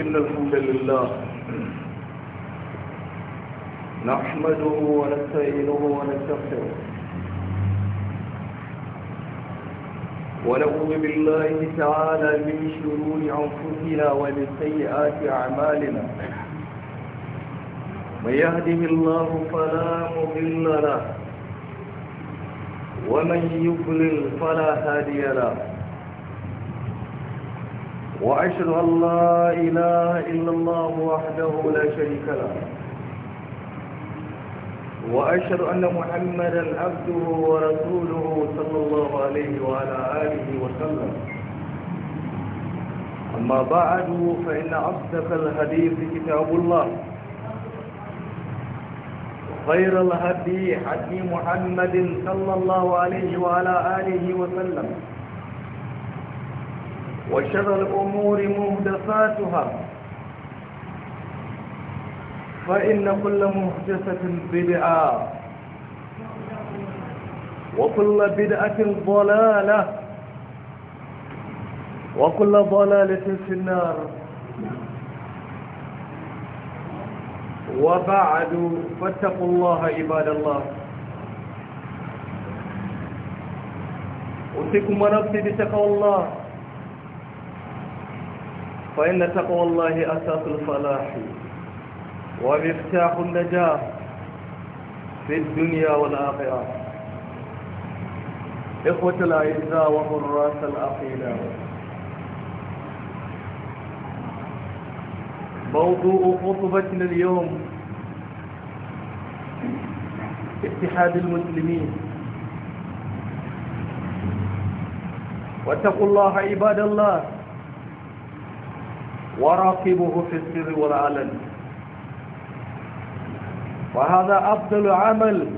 إن الحمد لله نحمده ونستعينه ونستغفره ونعوذ بالله تعالى من شرور أنفسنا ومن سيئات أعمالنا من يهده الله فلا مضل له ومن يضلل فلا هادي له وأشهد أن لا إله إلا الله وحده لا شريك له وأشهد أن محمدا عبده ورسوله صلى الله عليه وعلى آله وسلم أما بعد فإن أصدق الحديث كتاب الله خير الهدي حدي محمد صلى الله عليه وعلى آله وسلم وشر الأمور مهدفاتها فإن كل مهدفة بدعة وكل بدعة ضلالة وكل ضلالة في النار وبعد فاتقوا الله عباد الله أوصيكم ونفسي بتقوى الله فإن تقوى الله أساس الفلاح ومفتاح النجاة في الدنيا والآخرة إخوة الأعزاء وحراس العقيدة موضوع خطبتنا اليوم اتحاد المسلمين واتقوا الله عباد الله وراقبه في السر والعلن وهذا أفضل عمل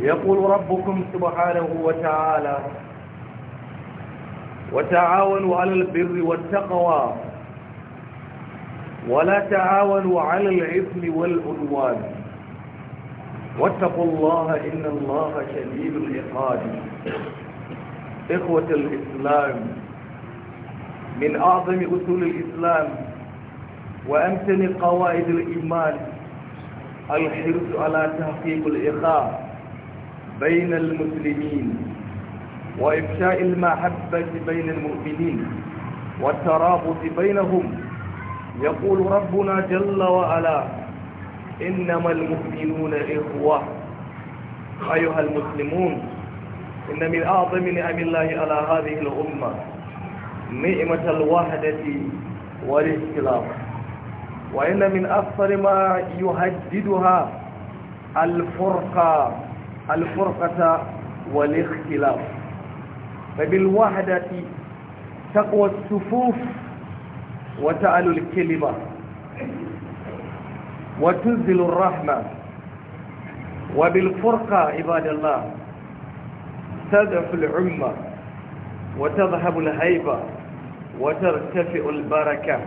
يقول ربكم سبحانه وتعالى وتعاونوا على البر والتقوى ولا تعاونوا على الإثم والعدوان واتقوا الله إن الله شديد العقاب إخوة الإسلام من أعظم أصول الإسلام وأمتن قواعد الإيمان الحرص على تحقيق الإخاء بين المسلمين وإفشاء المحبة بين المؤمنين والترابط بينهم يقول ربنا جل وعلا إنما المؤمنون إخوة أيها المسلمون إن من أعظم نعم الله على هذه الأمة نعمة الوحدة والاختلاف وإن من أكثر ما يهددها الفرقة الفرقة والاختلاف فبالوحدة تقوى الصفوف وتعلو الكلمة وتنزل الرحمة وبالفرقة عباد الله تضعف العمة وتذهب الهيبة وترتفع البركة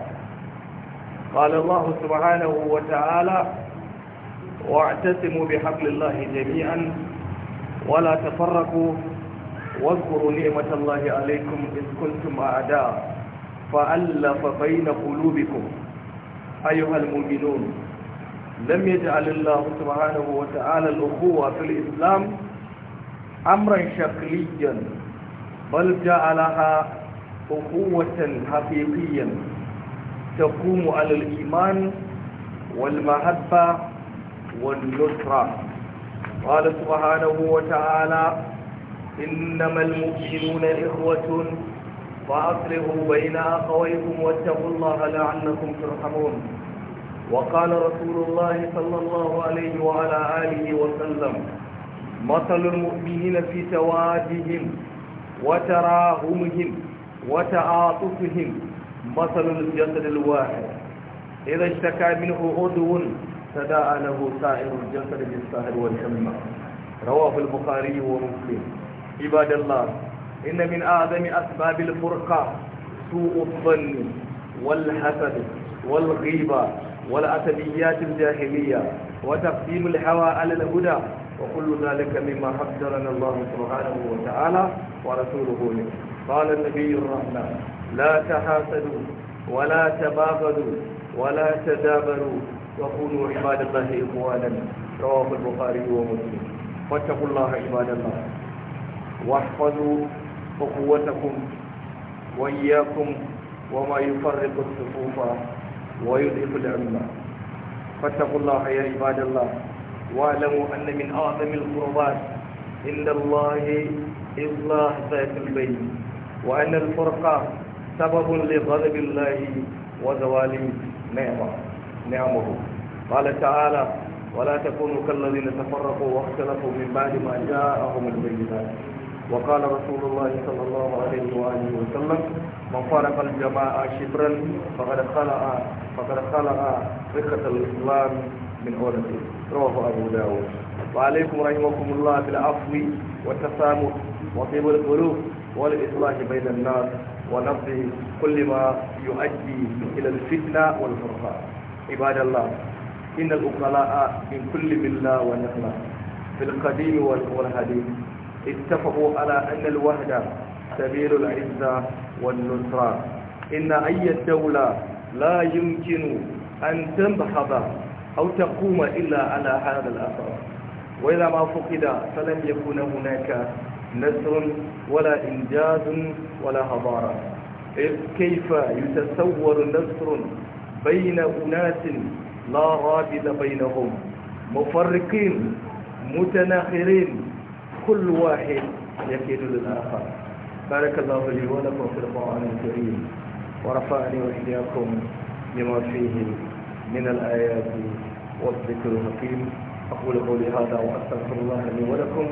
قال الله سبحانه وتعالى واعتصموا بحبل الله جميعا ولا تفرقوا واذكروا نعمة الله عليكم إذ كنتم أعداء فألف بين قلوبكم أيها المؤمنون لم يجعل الله سبحانه وتعالى الأخوة في الإسلام أمرا شكليا بل جعلها أخوة حقيقيا تقوم على الإيمان والمحبة والنصرة قال سبحانه وتعالى إنما المؤمنون إخوة فأصلحوا بين أخويكم واتقوا الله لعلكم ترحمون وقال رسول الله صلى الله عليه وعلى آله وسلم مثل المؤمنين في توادهم وتراهمهم وتعاطفهم مثل الجسد الواحد إذا اشتكى منه عضو تداعى له سائر الجسد بالسهر والحمى رواه البخاري ومسلم عباد الله إن من أعظم أسباب الفرقة سوء الظن والحسد والغيبة والعتبيات الجاهلية وتقديم الهوى على الهدى وكل ذلك مما حذرنا الله سبحانه وتعالى ورسوله منه قال النبي الرحمن لا تحاسدوا ولا تباغضوا ولا تدابروا وكونوا عباد الله إخوانا رواه البخاري ومسلم فاتقوا الله عباد الله واحفظوا أخوتكم وإياكم وما يفرق الصفوف ويضيق العلم فاتقوا الله يا عباد الله واعلموا أن من أعظم القربات عند الله إصلاح ذات البين وأن الفرقة سبب لغضب الله وزوال نعمه نعمه قال تعالى ولا تكونوا كالذين تفرقوا واختلفوا من بعد ما جاءهم البينات وقال رسول الله صلى الله عليه وآله وسلم من فارق الجماعة شبرا فقد خلع فقد خلع فرقة الإسلام من أولته رواه أبو داود وعليكم رحمكم الله بالعفو والتسامح وطيب القلوب والإصلاح بين الناس ونبض كل ما يؤدي إلى الفتنة والفرقان عباد الله إن الأقلاء من كل ملة ونقلة في القديم والحديث اتفقوا على أن الوحدة سبيل العزة والنصرة إن أي دولة لا يمكن أن تنبحض أو تقوم إلا على هذا الأثر وإذا ما فقد فلن يكون هناك نسر ولا إنجاز ولا هضارة إذ كيف يتصور نسر بين أناس لا رابط بينهم مفرقين متناخرين كل واحد يكيد للآخر بارك الله لي ولكم في القرآن الكريم ورفعني وإياكم لما فيه من الآيات والذكر الحكيم أقول قولي هذا وأستغفر الله لي ولكم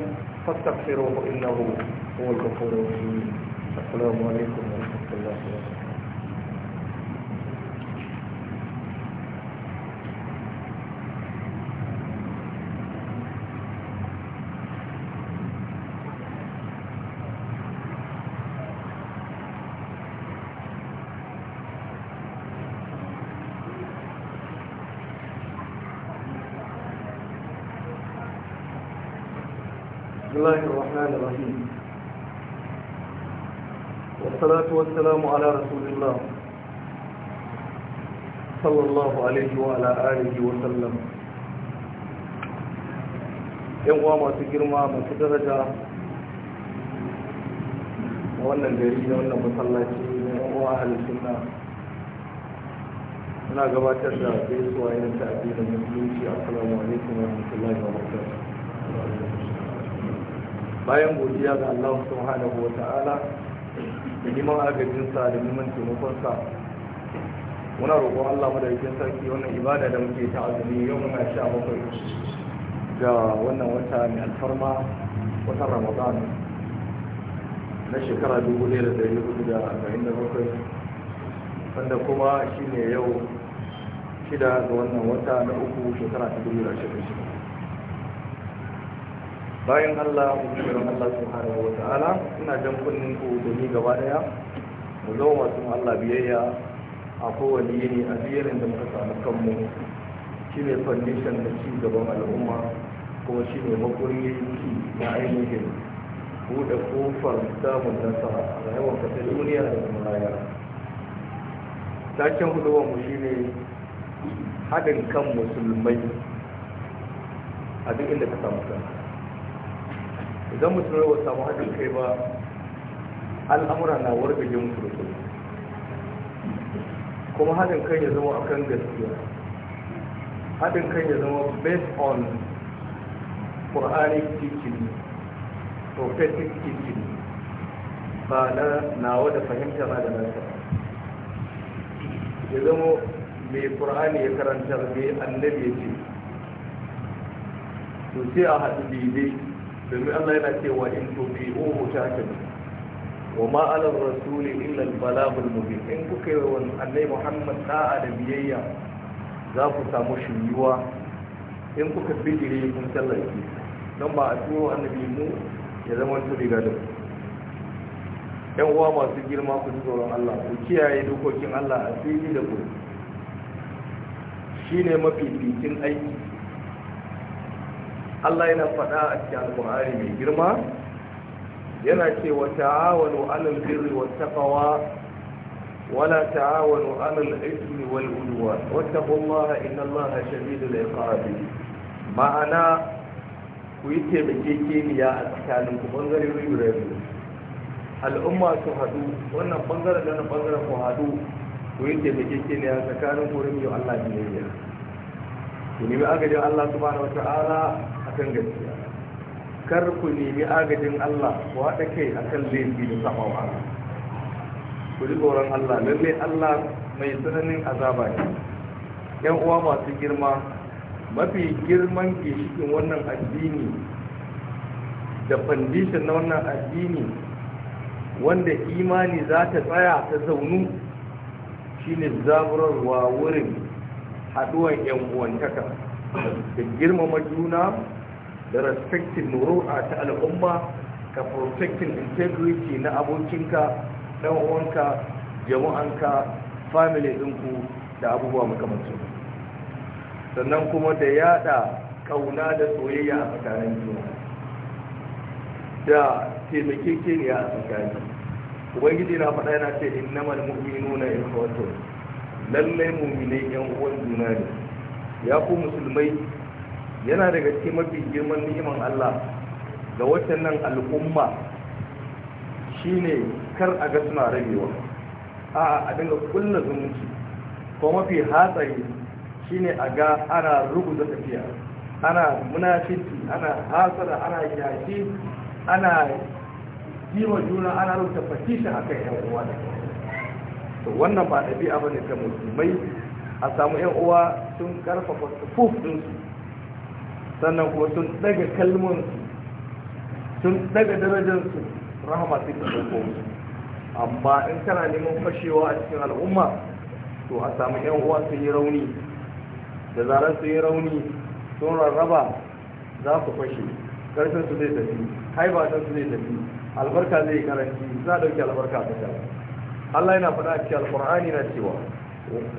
فاستغفروه إنه هو الغفور الرحيم السلام عليكم ورحمة الله وبركاته الرحيم والصلاة والسلام على رسول الله صلى الله عليه وعلى آله وسلم يوم ما تجرم ما تدرجة وانا الجريد وانا مصلاتي وانا أهل السنة muna gabatar da بيس وعين ta addinin musulunci assalamu alaikum wa rahmatullahi wa bayan godiya ga Allah subhanahu wa ta'ala da neman agajinsa da neman taimakonsa muna roƙo Allah da madaukakin sarki wannan ibada da muke ta azumi yau muna sha bakwai ga wannan wata mai alfarma watan Ramadan na shekara dubu ɗaya da ɗari hudu da arba'in da bakwai wanda kuma shine yau shida ga wannan wata na uku shekara ta dubu da ashirin bayan Allah mutumin Allah subhanahu wa ta'ala ina jan kunnin ku domin gaba daya mu zama masu Allah biyayya a kowane yini a jerin da muka samu kanmu Shi ne foundation da ci gaban al'umma kuma shi shine makurin na ainihin buɗe kofar samun nasara a rayuwar ta duniya da kuma rayuwa taken huduwar mu ne haɗin kan musulmai a duk inda ka samu kanka idan mutum ya samu haɗin kai ba al'amura na warga yin da kuma haɗin kai ya zama akan gaskiya haɗin kai ya zama based on quranic teaching prophetic teaching ba na nawa da fahimta ba da nasa ya zama mai qur'ani ya karanta mai annabi ya ce to sai a haɗu daidai domin Allah yana cewa in tubi'uhu tahtadu wa ma 'ala rasuli illa al-balagul mubin in kuka yi wa Annabi Muhammad da'a da biyayya za ku samu shiriwa in kuka bijire kun sallake don ba a turo annabi mu ya zama to riga da yan uwa masu girma ku tsoron Allah ku kiyaye dokokin Allah a fili da ku shine bikin aiki Allah yana faɗa a cikin alƙur'ani mai girma yana cewa, wa ta'awanu alal birri wa taqwa wala ta'awanu alal ismi wal udwan wattaqullaha innallaha shadidul iqab ma'ana ku yi taimakekeniya a tsakanin ku bangare guda biyu al'umma su haɗu wannan bangare da na bangare ku haɗu ku yi taimakekeniya tsakanin ku rin yau Allah biyayya ku nemi agajin Allah subhanahu wa ta'ala akan gaskiya kar ku nemi agajin Allah ku haɗa kai akan laifi da saba Allah ku ji tsoron Allah lalle Allah mai tsananin azaba ne yan uwa masu girma mafi girman gishikin wannan addini da fandishin na wannan addini wanda imani za ta tsaya ta zaunu shine zaburarwa wurin haɗuwan yan uwantaka da girmama juna da respectin muru'a ta al'umma ka protectin integrity na abokinka dan uwanka jama'anka family ɗinku da abubuwa makamancin sannan kuma da yada kauna da soyayya a tsakanin juna da taimakekeniya a tsakanin ubangiji na faɗa yana ce innamal mu'minuna ikhwatun lallai mu'minai yan uwan juna ne ya ku musulmai yana daga cikin mafi girman ni'iman Allah ga watannan al'umma shine kar a ga suna rabewa a a dinga kulla zumunci ko mafi hatsari shine a ga ana rubuta tafiya ana munafiki ana hasara ana yaki ana jima juna ana rubuta fatishin akan yan uwa da to wannan ba ɗabi'a bane ga musulmai a samu yan uwa sun karfafa tufuf ɗinsu sannan kuma sun daga kalmun sun daga darajarsu rahama sai ta ɗauko amma in kana neman fashewa a cikin al'umma to a samu yan uwa sun yi rauni da zarar sun yi rauni sun rarraba za ku fashe ƙarfin su zai tafi haibatan su zai tafi albarka zai karanci za a ɗauki albarka a ta Allah yana faɗa a cikin alƙur'ani na cewa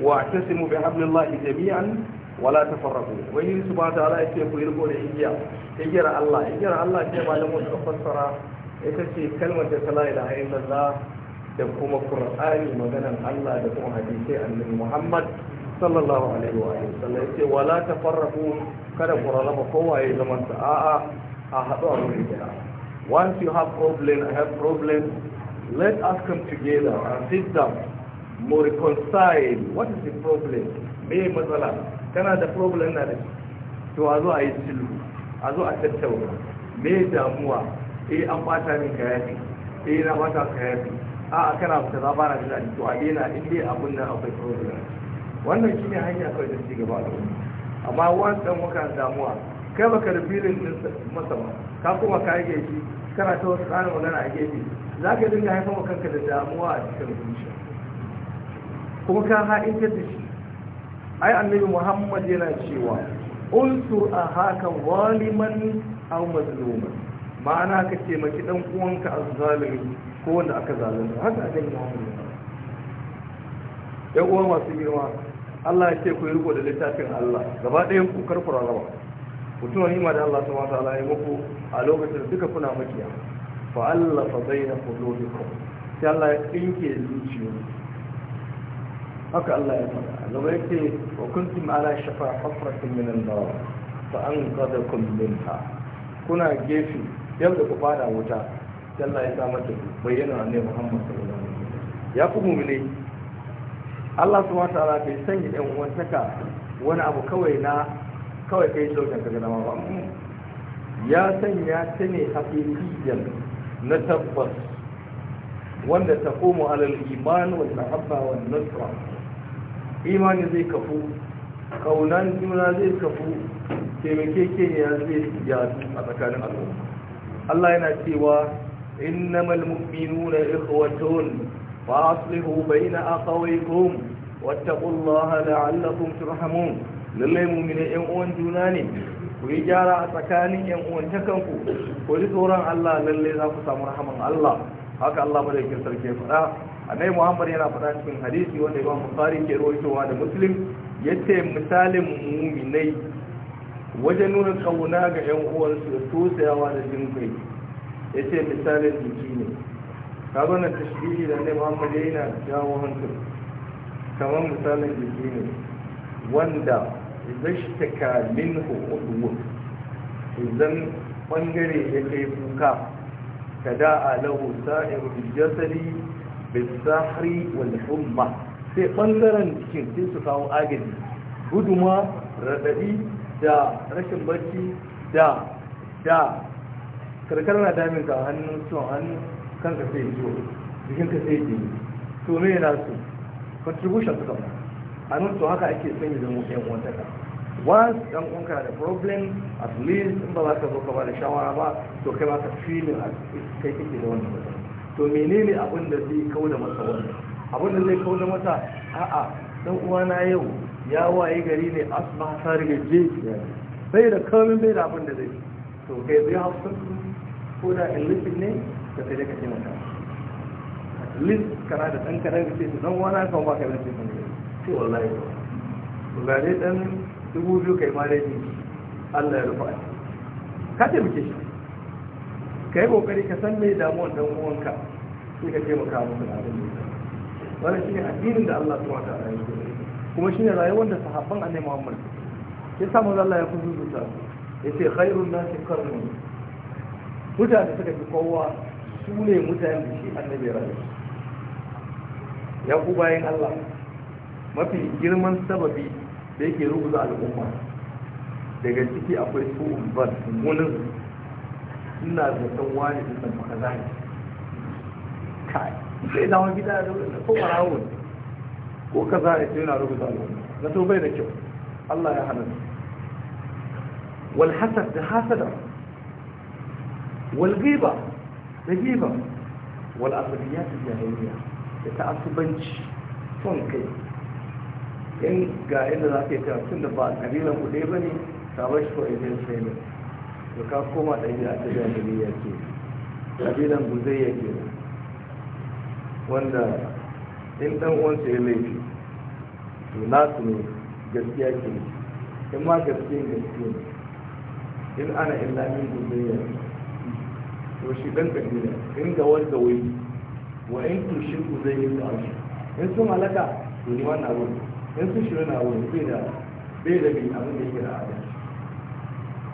wa tasimu bi hablillahi jami'an wala ta farraku wani su ba ta ala ya ce ku yi riko da igiya igiyar Allah igiyar Allah ce malamu suka fassara ita ce kalmar da tala ila ayin lalla da kuma qur'ani maganan Allah da kuma hadisai annabi Muhammad sallallahu alaihi wa alihi sallallahu ya ce wala ta farraku kada ku rarraba kowa ya zama ta a'a a haɗu a wuri guda once you have problem I have problem let us come together and sit down more reconcile what is the problem me matsala kana da problem na da to a zo a yi sulhu a zo a tattauna me damuwa eh an bata min kayafi eh na bata kayafi a kana fita za ba na da to a dena in dai abun nan akwai problem wannan shine hanya kawai da ci gaba amma wannan muka damuwa kai baka da filin din masa ba ka kuma ka yi shi kana ta wasu tsarin magana a gefe za ka dinga haifar wa kanka da damuwa a cikin zuciya kuma ka ha'intar da shi ai annabi muhammad yana cewa unsur a haka waliman au mazluman ma'ana ka taimaki dan uwanka azzalimi ko wanda aka zalunta haka kan muhammad ya uwa masu girma Allah ya ce ku yi riko da littafin Allah gaba ɗayan ku karfura raba ku tuna nima da Allah sama ta alayi ya muku a lokacin da duka kuna makiya fa Allah fa baina qulubikum sai Allah ya tsinke zuciyoyi haka Allah ya faɗa gaba yake wa kunti ma'ala shafa hafratin min an-nar fa anqadakum minha kuna gefe yau da ku fada wuta Allah ya sa mata bayyana ne Muhammad sallallahu alaihi wasallam ya ku mu'mini Allah subhanahu wa ta'ala bai sanya ɗan uwantaka wani abu kawai na kawai kai shaukan ka gana ba ya sanya ta ne haƙiƙiyar na tabbas wanda ta komo alal iman wa tahabba wa nasra imani zai kafu kaunan juna zai kafu taimakekeniya zai yadu a tsakanin al'umma Allah yana cewa innamal mu'minuna ikhwatun fa aslihu baina aqawaykum wattaqullaha la'allakum turhamun lallai mu'mini yan uwan juna ne ku yi gyara a tsakanin yan uwan takanku ku ji tsoron Allah lallai za ku samu rahaman Allah haka Allah madaukakin sarki ya faɗa annabi muhammad yana faɗa cikin hadisi wanda imam bukhari ke rawaitowa da muslim yace misalin mu'minai wajen nuna kauna ga yan uwansu da tosayawa da jin kai yace misalin jiki ne kaga na tashbihi da annabi muhammad yana jawo hankali kamar misalin jiki ne wanda zashtaka minhu udwu idan bangare ya kai kuka kada alahu sa'irul jasadi bisahri wal humma sai bangaren cikin sai su kawo agaji guduma radadi da rashin barci da da karkar na damin ka hannun ciwon hannun kanka sai ciwo jikin ka sai jini to me yana su contribution suka ba a nan to haka ake son zama yan wataka once dan uwanka da problem at least in ba za ka zo ka ba da shawara ba to kai ba ka feeling kai kake da wannan to menene abin da zai kawo da masa wani abin da zai kawo da masa a'a dan uwana yau ya waye gari ne asma ta je Sai da kamin bai da abin da zai to kai zai hausa ko da ilifin ne da kai da ka mata lis kana da ɗan kaɗan ce su ɗan wani kan ba yanzu sun yi ce wallahi ba ga dai ɗan dubu biyu kai ma dai Allah ya rufa ka taimake shi ka yi kokari ka san mai damuwar dan uwanka sai ka taimaka musu da abin da wannan shine addinin da Allah subhanahu wa ta'ala ya yi kuma shine rayuwar da sahabban Annabi Muhammad ya samu Allah ya kuzuta yace khairun nasi qarni mutane suka fi kowa su ne mutane da shi Annabi rayu ya ku bayan Allah mafi girman sababi da yake rubuta al'umma daga ciki akwai su ubban munin ina zaton wani da san maka zai kai sai wani gida da ko farawo ko kaza ya ce yana rubuta alwala na to bai da kyau Allah ya hana wal hasad da hasada wal ghiba da ghiba wal asabiyat da jahiliya da ta'assubanci son kai in ga yadda za ka yi tun da ba a ƙabilan ku ba ne sabon shi ko idan sai ne da ka koma tafiya ta biya ke ƙabilan ya ke wanda in ɗan uwansa ya laifi to su ne gaskiya ke in ma gaskiya gaskiya in ana ya ke to shi ɗan ƙabila in ga wanda wai wa in tushin ya ta ashi in su malaka to ni wannan abu in sun shirin abu bai da bai da bai abin da ke da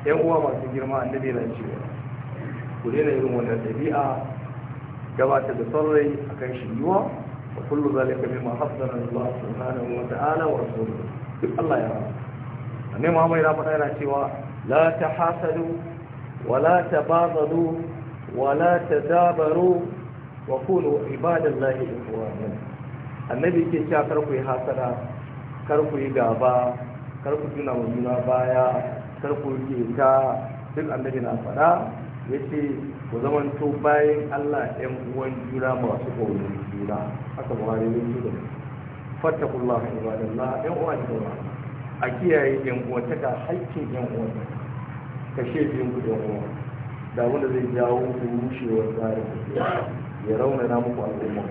yan uwa masu girma annabi na cewa ku daina irin wannan dabi'a gabata da sarrai akan shiriwa wa kullu zalika mimma haddana Allah subhanahu wa ta'ala wa rasuluhu duk Allah ya rahama annabi Muhammad ya faɗa yana cewa la tahasadu wa la tabagadu wa la tadabaru wa kunu ibadallahi ikhwana annabi yake cewa kar ku yi hasada kar ku yi gaba kar ku tuna wa juna baya kar ku rike ta duk annabi na faɗa ya ce ku zaman to bayan Allah ɗan uwan juna masu ƙaunar juna haka ba ne yin juna fattakullah ibadallah ɗan uwa ne ba a kiyaye ɗan uwan ta ga haƙƙin ɗan uwa ka biyun ku ɗan uwa da wanda zai jawo ku rushewar tsarin ya rauna raunana muku al'umma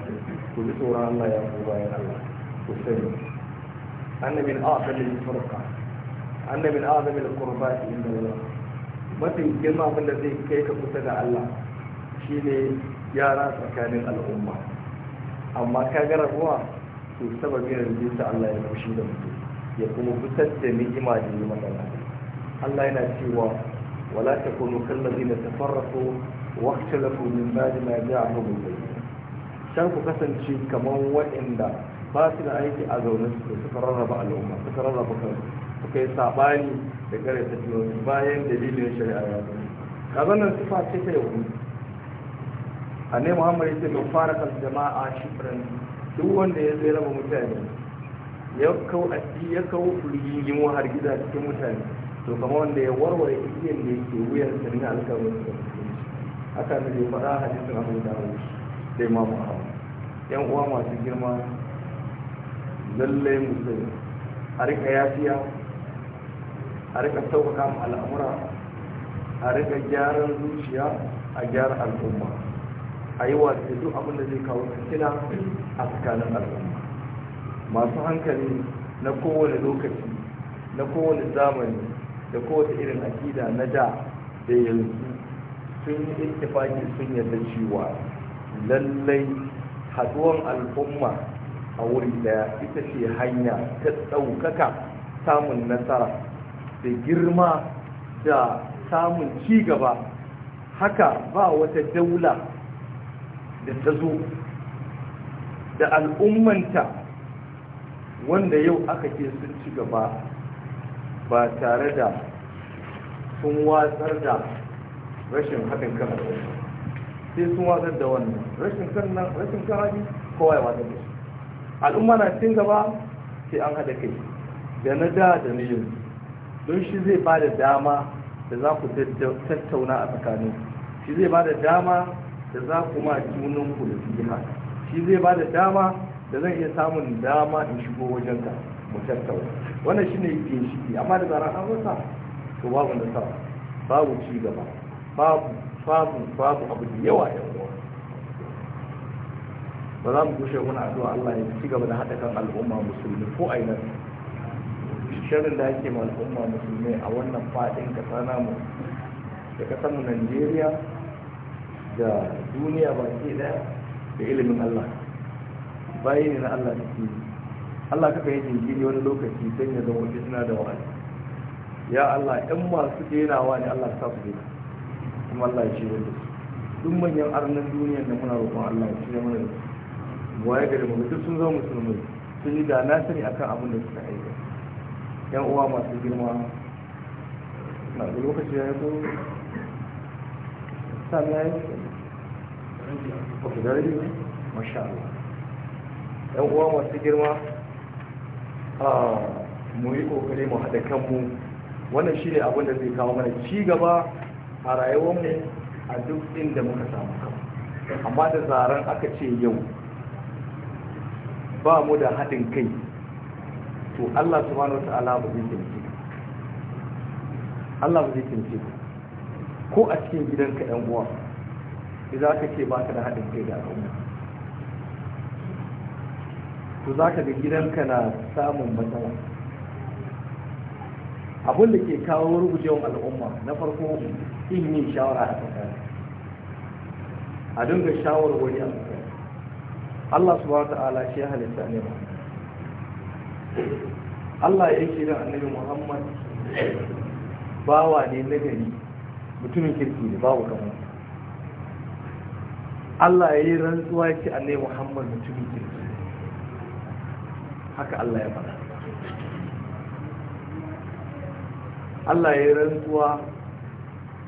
ku bi tsoron Allah ya ku bayan Allah ku sani annabin a asalin farka anna min azam al qurbati inda Allah mafi girma abin da zai kai ka kusa da Allah shine yara tsakanin al'umma amma ka ga rabuwa to sababi ne da Allah ya fushi da mutum ya kuma kusa da ni'ima da yi magana Allah yana cewa wala takunu kallazina tafarraqu wa ikhtalafu min ba'di ma ja'ahum al-bayyin shan ku kasance kamar waɗanda ba su da aiki a zaune su suka rarraba al'umma suka rarraba kansu suka yi sabani da kare ta jiyoyi bayan dalilin shari'a ya zo kaga nan sifa ce ta yahudu annai Muhammadu ce mai fara kan jama'a shifran duk wanda ya zai raba mutane ya kawo addi ya kawo fulgin har gida cikin mutane to kama wanda ya warware igiyar da yake da sanin alkawarin da haka ne ya faɗa hadisin abu da sai ma muhammadu yan uwa masu girma lallai musulmi a rika yafiya a rika tauka mu al'amura a rika gyaran zuciya a gyara al'umma a yi wasu duk abin da zai kawo fitina a tsakanin al'umma masu hankali na kowane lokaci na kowane zamani da kowace irin akida na da da yanzu sun yi intifaki sun yarda cewa lallai haduwan al'umma a wuri daya ita ce hanya ta ɗaukaka samun nasara da girma da samun ci gaba haka ba wata daula da ta zo da al'ummanta wanda yau aka ke sun ci gaba ba tare da sun watsar da rashin haɗin kan sai sun watsar da wannan rashin kan nan rashin kan haɗi kowa ya watsar da shi al'umma na cin gaba sai an haɗa kai da na da da na yanzu don shi zai ba da dama da za ku tattauna a tsakanin shi zai ba da dama da za ku ma junan ku da fiha shi zai ba da dama da zan iya samun dama in shigo wajen ka mu tattauna wannan shi ne ginshiki amma da zarar an rasa to babu nasara babu ci gaba babu babu babu abu da yawa yan uwa ba za mu gushe wani addu'a Allah ya ci gaba da haɗa kan al'umma musulmi ko ainihin shirin da ake ma musulmi a wannan faɗin ƙasa namu da ƙasar mu Najeriya da duniya baki ɗaya da ilimin Allah bayi ne na Allah da ke Allah kaka yi jinkiri wani lokaci don ya zama fitina da wa'azi ya Allah 'yan masu denawa ne Allah sa su dena kuma Allah ya shirya da su duk manyan arnan duniyar da muna roƙon Allah ya shirya mana da su waye gari mu mutum sun zama musulmi? sun yi da na sani akan abin da suka aika yan uwa masu girma na da lokaci ya yi sami ya yi oke da rabi masha yan uwa masu girma a ah, mu yi kokari mu haɗa kanmu wannan shi ne abinda da zai kawo mana ci gaba a rayuwarmu a duk inda muka samu kan amma da zaren aka ce yau ba mu da haɗin kai to Allah subhanahu ta'ala ba zai taimake ka Allah ba zai taimake ka ko a cikin gidanka ɗan uwa idan ka ce baka da haɗin kai da al'umma to za ka ga gidanka na samun matsala abin da ke kawo rugujewan al'umma na farko in yin shawara a tsakani a dinga shawarwari a tsakani Allah subhanahu wa ta'ala shi ya halitta ne ba Allah ya ce da annabi Muhammad bawa ne na gari mutumin kirki ne babu kamar Allah ya yi rantsuwa ya ce annabi Muhammad mutumin kirki haka Allah ya faɗa Allah ya yi rantsuwa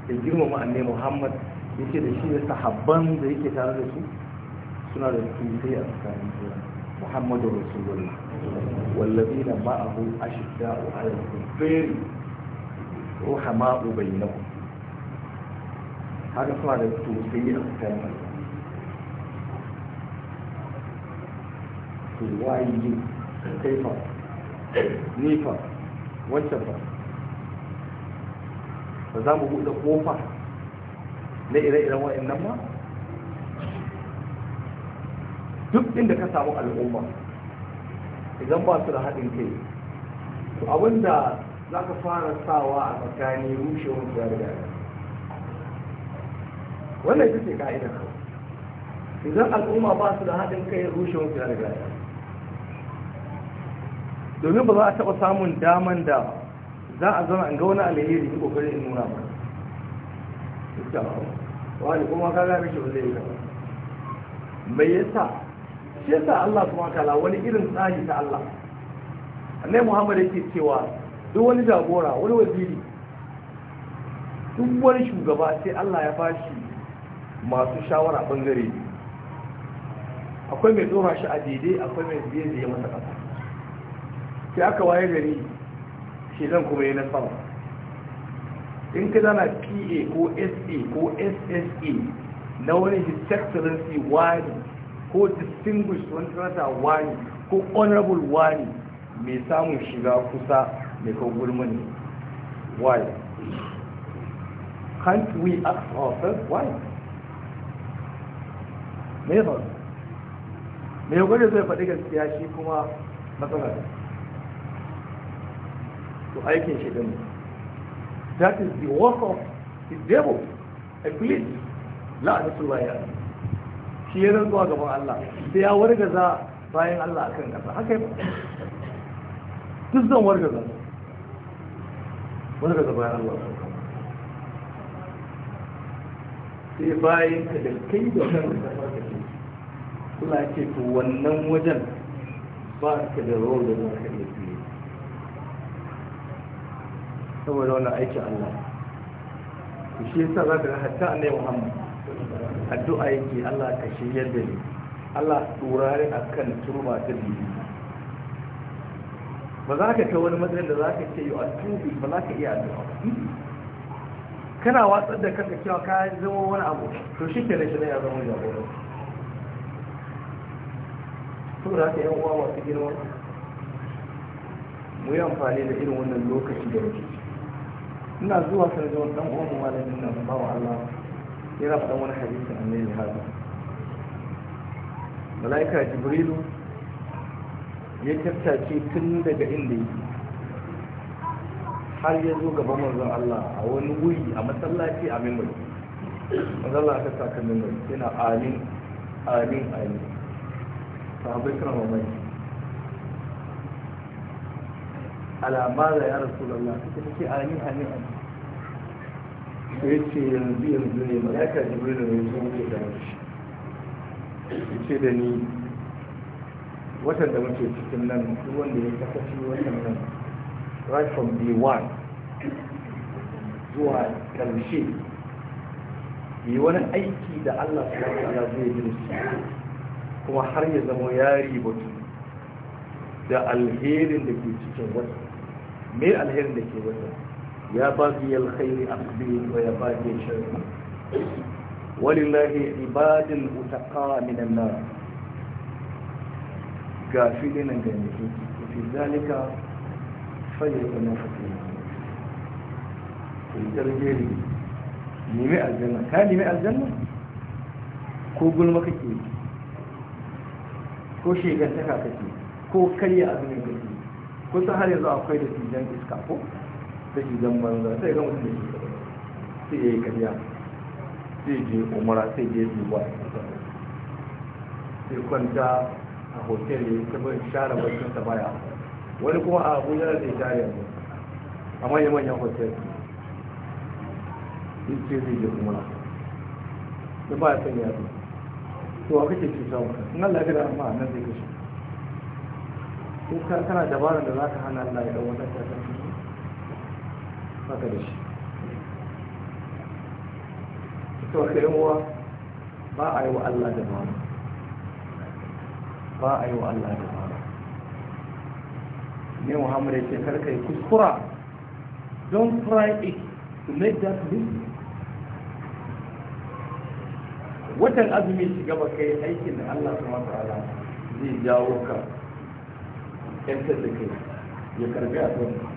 da girmama annabi Muhammad ya ce da shi da sahabban da yake tare da su suna da tutai a tsakanin juna محمد رسول الله والذين معه أشداء على الكفار رحماء بينهم هذا صار التوفيق الثاني في الوايد كيف نيفا وانتفا فزامه بقول لك وفا لا إله إلا هو إنما duk inda ka samu al'umma idan ba su da haɗin kai to abinda za ka fara sawa a tsakani rushewar da da wannan ita ce ka'ida idan al'umma ba su da haɗin kai rushewar da da domin ba za a taɓa samun daman da za a zama in ga wani alheri ko kokarin in nuna ba wani kuma kaga mishi ba zai yi ba mai yasa shi yasa Allah subhanahu kala wani irin tsari ta Allah annai Muhammad yake cewa duk wani jagora wani waziri duk wani shugaba sai Allah ya bashi masu shawara bangare akwai mai tsora shi a daidai akwai mai biye da ya masa kasa sai aka waye gari shi zan kuma yi nasara in ka zana pa ko sa ko ssa na wani his excellency wani ko distinguished wani sanata wani ko honorable wani mai samun shiga kusa mai kawo why can't we ask ourselves why Never. ya faru me ya gwada zai faɗi gaskiya shi kuma matsala to aikin shi ɗin that is the work of the devil at least la'adatu ba ya shi ya zuwa gaban Allah sai ya wargaza bayan Allah akan kasa haka duk zan wargaza wargaza bayan Allah sai bayan ka da kai da kan da farka kula ce to wannan wajen ba ka da rawar da zaka iya fiye saboda wannan aikin Allah shi yasa za ka hatta annabi Muhammad addu'a yake Allah ka shiryar da ni Allah turare akan turba ta biyu ba za ka kai wani matsayin da za ka ce yau addu'i ba za ka iya addu'a kana watsar da kanka cewa ka zama wani abu to shi ke rashin ya zama to da haka yan uwa masu girma mu yi amfani da irin wannan lokaci da muke ina zuwa sarjewar dan uwan malamin nan bawa Allah yana faɗan wani hadisi a nemi hada mala'ika jibrilu ya tattace tun daga inda yake har ya zo gaban manzon Allah a wani wuri a masallaci a mimbari manzon Allah aka saka mimbari yana amin amin amin sahabbai suna mamaki alama da ya rasu Allah suka ce amin amin amin ya ce yanzu yanzu ne malaka jibril da yanzu muke da shi ya ce da ni watan da muke cikin nan duk wanda ya kasance watan nan right from day one zuwa karshe yi wani aiki da Allah subhanahu wa zai yi kuma har ya zama ya ribatu da alherin da ke cikin wata me alherin da ke wata ya ba su yi alkhairi a kudin wa ya ba su yi shirin wani lahi ibadin utakawa minan nara ga fili nan ga nufi fi zalika fayar da na fasi na kudin jirgin nemi aljanna ka nemi aljanna ko gulma kake ko shekar taka kake ko karya abinin kake kusan har yanzu akwai da fijan iska ko sai zan banza sai ga mutum sai ya yi karya sai je umara sai je duba sai kwanta a hotel ya ta bin share bakin sa baya wani kuma a abuja da italiya yanzu. a manyan manyan hotel sai ce zai je umara sai ba ya san ya zo to a kake cuta maka in Allah ya da amma nan zai kashe ko kana dabarar da za ka hana Allah ya dan wata ta haka da shi to kai uwa ba a yi wa Allah da mana ba a yi wa Allah da mana ne Muhammad ya ce karkai kuskura don't try it to make that business watan azumi shi gaba kai aikin da Allah su ala zai jawo ka yantar da kai ya karbi a tsohon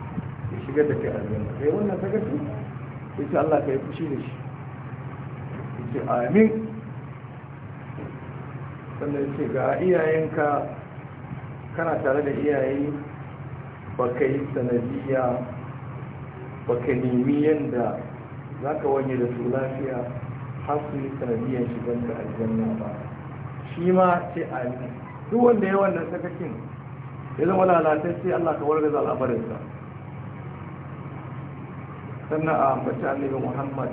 ya shigar da kai aljanna kai wannan ta gaci ya ce Allah ka yi fushi da shi ya ce amin sannan ya ce ga iyayenka kana tare da iyaye ba ka yi sanadiyya ba ka nemi yadda za ka wanye da su lafiya har su yi sanadiyyar shigar da aljanna ba shi ma ce amin duk wanda ya wannan sakacin ya zama sai Allah ka wargaza al'amarinsa sannan a ambaci annabi muhammad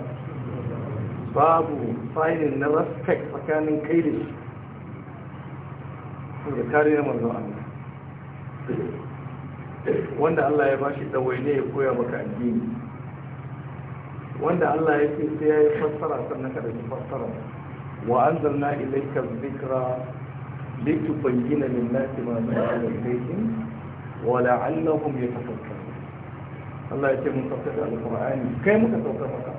babu failin na respect tsakanin kai da shi da kariyar manzo Allah wanda Allah ya bashi ɗawai ne ya koya maka addini wanda Allah ya ce sai ya yi fassara sannan ka da ki fassara wa an zanna ilaika zikra litubayyana lin-nasi ma za'ala ilayhim wa la'allahum yatafakkarun Allah ya ce mun saukar da alƙur'ani kai muka saukar maka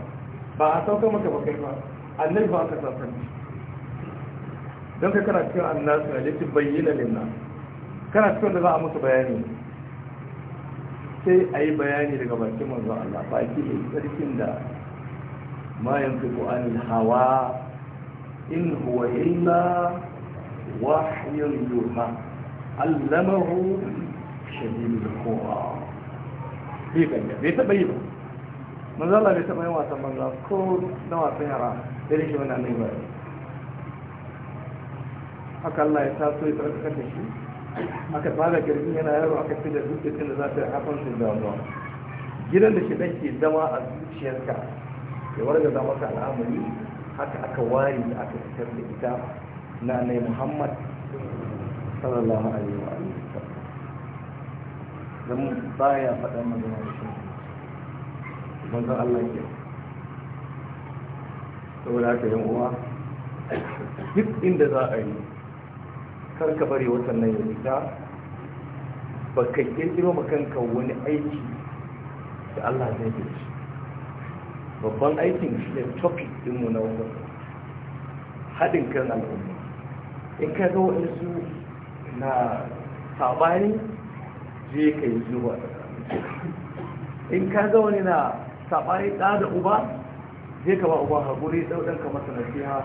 ba a saukar maka ba kai ba annabi ba aka saukar da don kai kana cikin annasu ne yake bayyana lillah kana cikin da za a musu bayani sai a yi bayani daga bakin manzon Allah ba ki ne tsarkin da ma yanzu qur'anil hawa in huwa illa wahyun yuha allamahu shadidul quwa bai ganga bai yi ba ko na wasan yara da wani annabi ba haka Allah da shi yana yaro aka fi da dukkan da za ta da gidan da shi dan ke zama a zuciyarka ya warga za maka al'amari haka aka wari da aka fitar da ita na annabi Muhammad sallallahu alaihi wa don ba ya faɗa magana shi manzan Allah ke saboda haka yan uwa duk inda za a yi karka bari watan nan ya fita ba ka kirkiro ma kanka wani aiki da Allah zai yi shi babban aikin shi ne topic na wanda haɗin kan al'umma in ka ga waɗansu na sabani je ka yi zuwa in ka ga wani na saɓani ɗa da uba je ka ba uba haƙuri ɗauɗan ka masa nasiha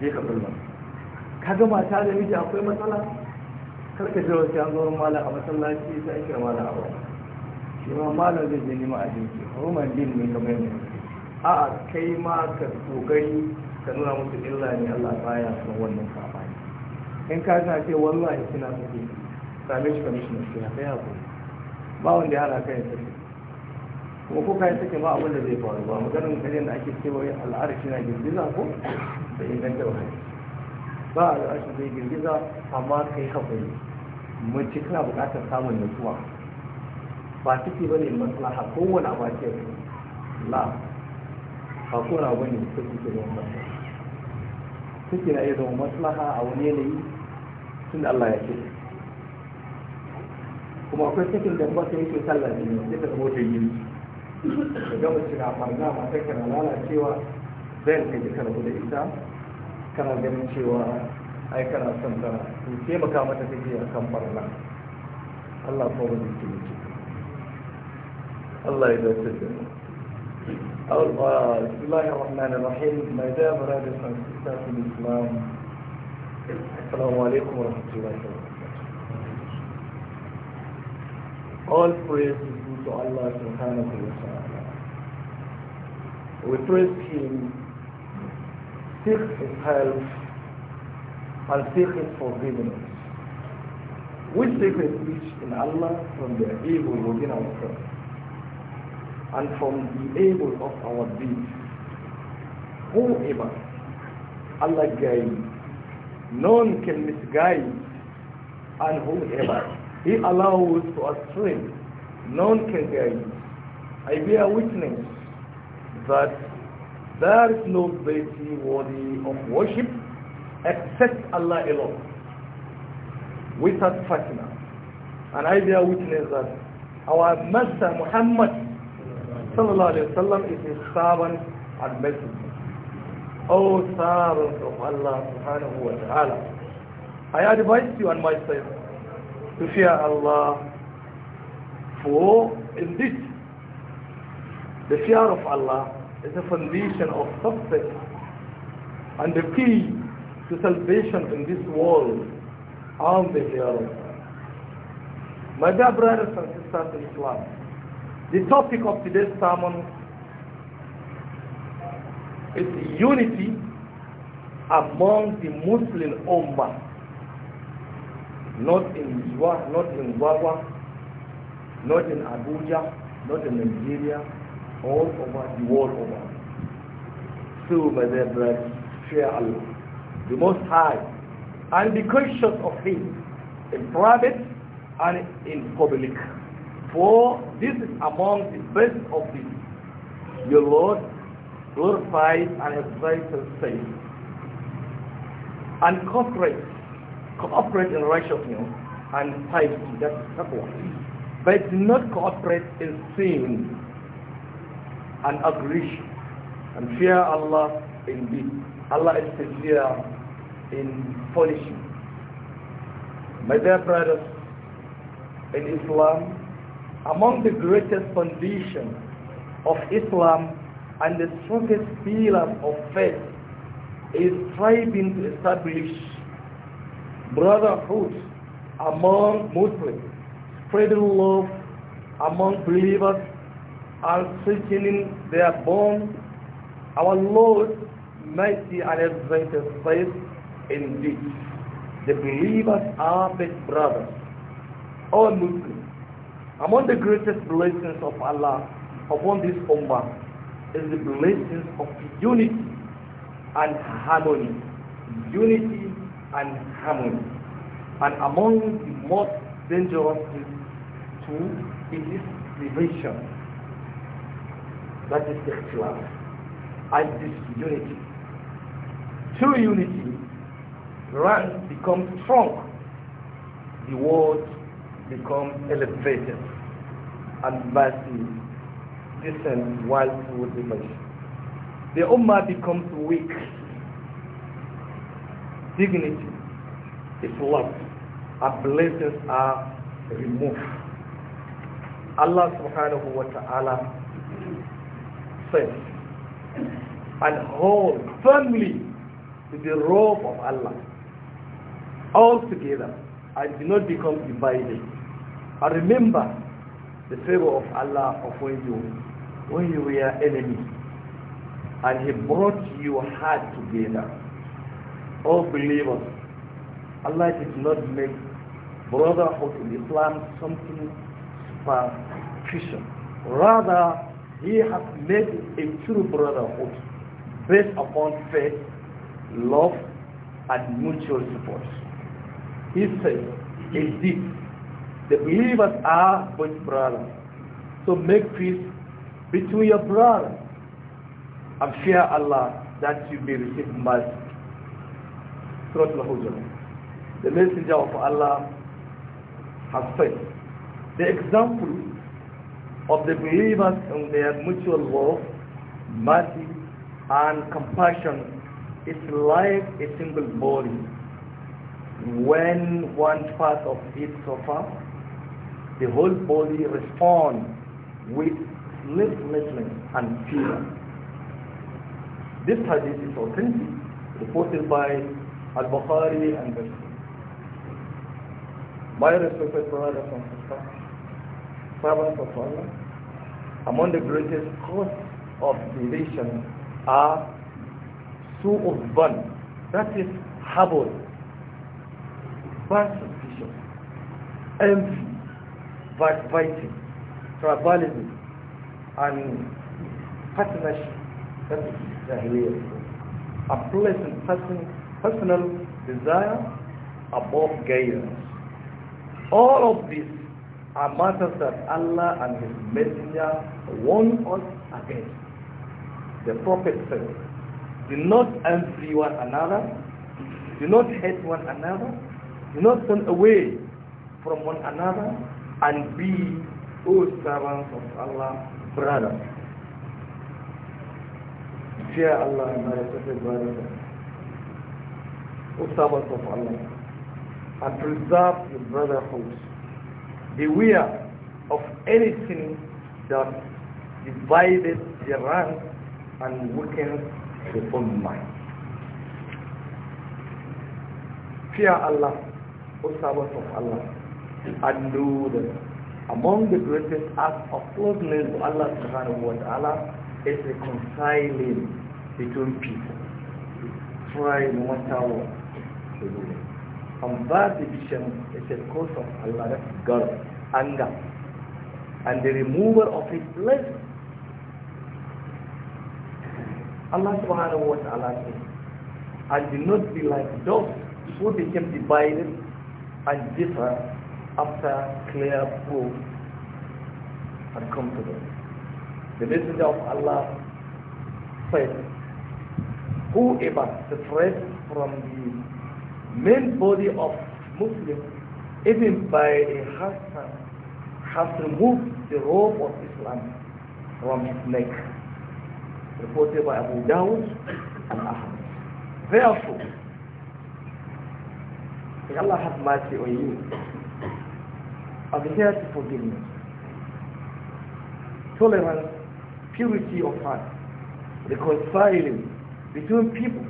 je ka ɓulma ka gama mata da miji akwai matsala karka jira wasu an zaurin malam a masallaci sai ake malam a wani shi ma malam zai je a abinci roman din ne kamar ne a kai ma ka kokari ka nuna musu illa ne allah baya son wannan saɓani in ka ce wallahi suna suke same shi kamishina sai ya sai ba wanda ya raka ya sake kuma ko ya sake ba abin da zai faru ba maganin karyar da ake cewa yin shi na girgiza ko da inganta ba ba shi zai girgiza amma kai Mun ci kana buƙatar samun nutsuwa ba ba bane maslaha kowane abu ake la ba kowane abu ne ta ke zama maslaha ke na iya zama maslaha a wani yanayi tun Allah ya ce kuma akwai cikin da ba ta yake sallah ne sai ta zama ta yini da gaba shiga barna ba sai kana lalacewa zai ka ji karbu da ita kana ganin cewa ai kana son ta to taimaka mata take a kan barna Allah ko ba zai Allah ya dace da بسم الله الرحمن الرحيم ماذا مراد الإسلام السلام عليكم ورحمة الله وبركاته All praise is due to Allah subhanahu wa ta'ala. We praise Him, seek His help, and seek His forgiveness. We seek refuge in Allah from the evil within ourselves and from the evil of our deeds. Whoever Allah guides, none can misguide, and whoever he allows to a stream none can I bear witness that there is no deity worthy of worship except Allah alone without partner. And I bear witness that our Master Muhammad sallallahu wasallam is his servant and messenger. O servants of Allah subhanahu wa ta'ala, I advise you and myself to fear Allah. For indeed, the fear of Allah is the foundation of success and the key to salvation in this world on the hereafter. My dear brothers and sisters in Islam, the topic of today's sermon is unity among the Muslim Ummah not in Liswa, not in Guagua, not in Abuja, not in Nigeria, all over the world over. So by their brothers, fear Allah, the Most High, and be conscious of Him in private and in public. For this is among the best of these. Your Lord glorifies and exalts Himself and corporates cooperate in righteousness and piety, that's one. But do not cooperate in sin and aggression and fear Allah indeed. Allah is severe in punishing. My dear brothers, in Islam, among the greatest foundation of Islam and the strongest pillar of faith is striving to establish brotherhood among Muslims, spreading love among believers and strengthening their bond. Our Lord, mighty and exalted, says, indeed, the believers are best brothers, all Muslims. Among the greatest blessings of Allah upon this Ummah is the blessings of unity and harmony. Unity and harmony. And among the most dangerous to it is division. That is ikhtilaf. And disunity. Through unity, rank becomes strong. The world becomes elevated. And mercy descends while through division. The Ummah becomes weak dignity is lost. Our blessings are removed. Allah subhanahu wa ta'ala says, and hold firmly to the rope of Allah all together and do not become divided. And remember the favor of Allah upon you when you were enemies and he brought your heart together O believers, Allah did not make brotherhood in Islam something superficial. Rather, He has made a true brotherhood based upon faith, love, and mutual support. He says, indeed, the believers are both brothers. So make peace between your brothers and fear Allah that you may receive mercy the messenger of Allah has said, the example of the believers in their mutual love, mercy, and compassion is like a single body. When one part of it suffers, the whole body responds with sleeplessness and fear. This hadith is authentic, reported by Al-Bukhari and Muslim. My respected brothers and sisters, servants of Allah, among the greatest cause of division are su'udban, that is habul, bad suspicion, envy, backbiting, tribalism, and partnership, that is Jahiliyyah, a pleasant person personal desire above guidance. All of these are matters that Allah and His Messenger warn us against. The Prophet said, do not envy one another, do not hate one another, do not turn away from one another, and be, O servants of Allah, brothers. Share Allah and Allah, brothers. O servants of Allah, and preserve the brotherhood. Beware of anything that divided the ranks and weakens the mind. Fear Allah, O servants of Allah, and do that among the greatest acts of closeness to Allah subhanahu wa ta'ala is reconciling between people. Try no matter what severe. And that division is a cause of Allah, that's God, anger. And the removal of his bliss. Allah subhanahu wa ta'ala says, "I did not be like those who became divided and differ after clear proof and comfort. The messenger of Allah said, whoever separates from the main body of Muslims, even by a husband, has removed the robe of Islam from his neck. Reported by Abu Dawud and Ahmad. Therefore, may Allah have mercy on you. I'm here to forgiveness, tolerance, purity of heart, reconciling between people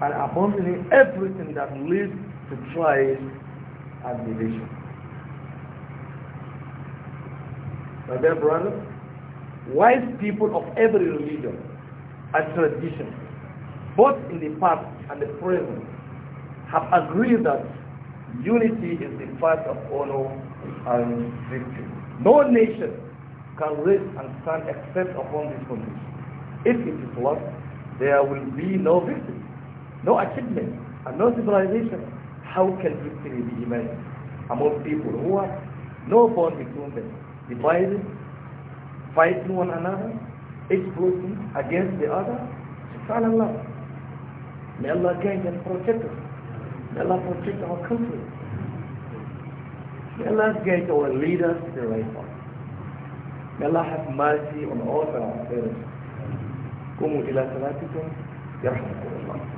and abandoning everything that leads to pride and division. My dear brother, wise people of every religion and tradition, both in the past and the present, have agreed that unity is the path of honor and victory. No nation can raise and stand except upon this condition. If it is lost, there will be no victory no achievement, and no civilization. How can victory be imagined among people who are no bond between them, divided, fighting one another, each against the other? Subhanallah. May Allah guide and protect us. May Allah protect our country. May Allah guide our leaders to the right path. May Allah have mercy on all our us. قوموا إلى صلاتكم يرحمكم الله